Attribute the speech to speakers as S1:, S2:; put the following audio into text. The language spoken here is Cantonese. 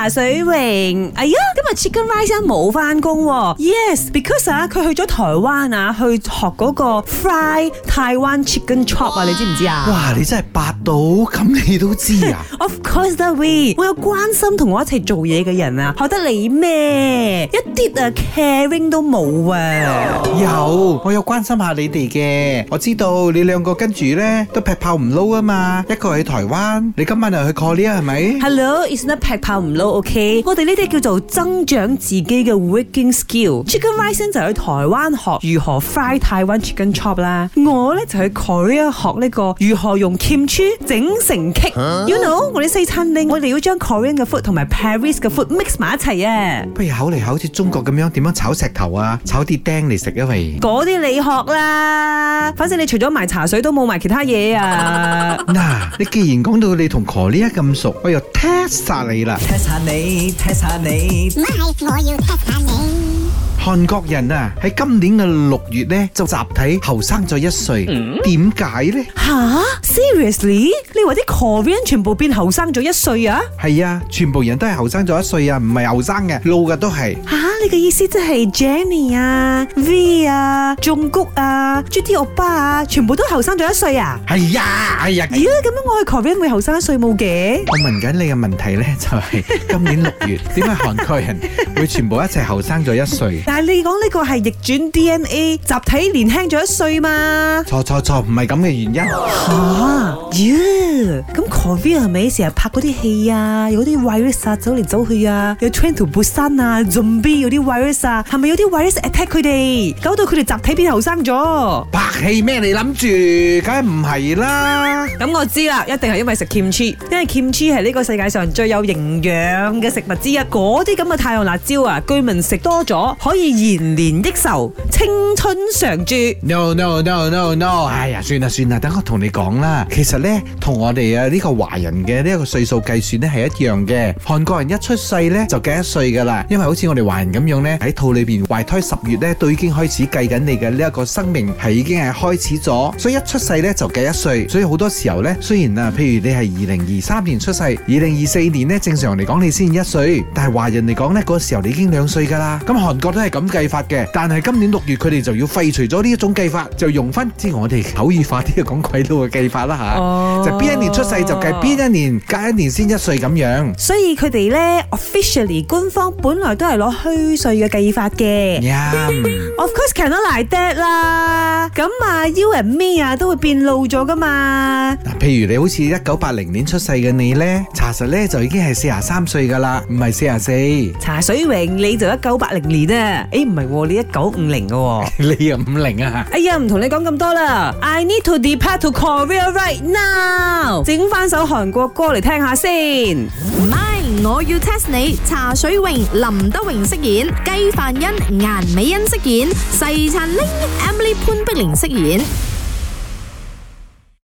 S1: 茶水泳，哎呀，今日 chicken rice、哦、yes, because, 啊冇翻工，yes，because 啊佢去咗台灣啊，去學嗰個 fry 台灣 chicken chop 啊，你知唔知啊？
S2: 哇，你真係八到，咁你都知啊
S1: ？Of course that we，我有關心同我一齊做嘢嘅人啊，學得你咩？一啲啊 caring 都冇啊？有，我有關心下你哋嘅，
S2: 我知道你兩個跟住咧都劈炮唔撈啊嘛，一個喺台灣，你今晚又去
S1: call 你啊，係咪 Hello, is not 劈炮唔撈。O K，我哋呢啲叫做增長自己嘅 working skill。Chicken Rice 就去台灣學如何 fry Taiwan chicken chop 啦。我呢就去 Korea 學呢個如何用 kimchi 整成 cake。You know，我哋西餐廳，我哋要將 Korean 嘅 food 同埋 Paris 嘅 food mix 埋一齊啊。不
S2: 如口嚟口，好似中國咁樣，點樣炒石頭啊？炒啲釘嚟食啊？喂，
S1: 嗰啲你學啦。反正你除咗賣茶水都冇賣其他嘢啊。
S2: 嗱，你既然講到你同 Korea 咁熟，我又 test 下你啦。
S1: 你 test 下你，唔係我要
S2: test 下你。韓國人啊，喺今年嘅六月咧就集體後生咗一歲，點
S1: 解咧？嚇，Seriously？你話啲 Korean 全部變後生咗一歲啊？
S2: 係啊，全部人都係後生咗一歲啊，唔係後生嘅，老嘅都係。嚇！
S1: 你嘅意思即係 Jenny 啊、V 啊、鍾谷啊、Judy 阿爸啊，全部都後生咗一歲啊？
S2: 係啊，哎呀。
S1: 咦，咁樣我去 Corvin 會後生一歲冇嘅？
S2: 我問緊你嘅問題咧，就係今年六月，點解韓國人會全部一齊後生咗一歲？
S1: 但係你講呢個係逆轉 DNA 集體年輕咗一歲嘛？
S2: 錯錯錯，唔係咁嘅原因。
S1: 吓？咦？咁 Corvin 係咪成日拍嗰啲戲啊？有啲 virus 啊，走嚟走去啊，有 Train to Busan 啊，zombie。啲 virus 啊，係咪有啲 virus attack 佢哋，搞到佢哋集體變後生咗？拍戲咩？你諗住，梗係唔係啦？咁我知啦，一定係因為食 kimchi，因為 kimchi 係呢個世界上最有營養嘅食物之一。嗰啲咁嘅太陽辣椒啊，據聞食多咗可以延年益壽、青春常駐。No, no no no no
S2: no，哎呀，算啦算啦，等我同你講啦。其實咧，同我哋啊呢個華人嘅呢一個歲數計算咧係一樣嘅。韓國人一出世咧就幾多歲噶啦，因為好似我哋華人咁樣咧喺肚裏邊懷胎十月咧都已經開始計緊你嘅呢一個生命係已經係開始咗，所以一出世咧就計一歲。所以好多時候咧，雖然啊，譬如你係二零二三年出世，二零二四年咧正常嚟講你先一歲，但係華人嚟講咧嗰個時候你已經兩歲噶啦。咁韓國都係咁計法嘅，但係今年六月佢哋就要廢除咗呢一種計法，就用翻之係我哋口語化啲嘅講鬼佬嘅計法啦吓。啊，就邊一年出世就計邊一年隔一年先一歲咁樣。
S1: 所以佢哋咧 officially 官方本來都係攞虛。虛歲嘅計法嘅，Of course cannot like that 啦。咁啊，you and me 啊，都會變老咗噶嘛。嗱，
S2: 譬如，你好似一九八零年出世嘅你咧，查實咧就已經係四廿三歲噶啦，唔係四廿四。茶
S1: 水榮，你就一九八零年啊？誒，唔係，你一九五零嘅。你又五零啊？哎呀，唔同你講咁多啦。I need to depart to Korea right now。整翻首韓國歌嚟聽下先。我要 test 你，茶水泳，林德榮飾演，雞凡欣、顏美欣飾演，細陳玲、Emily 潘碧玲飾演。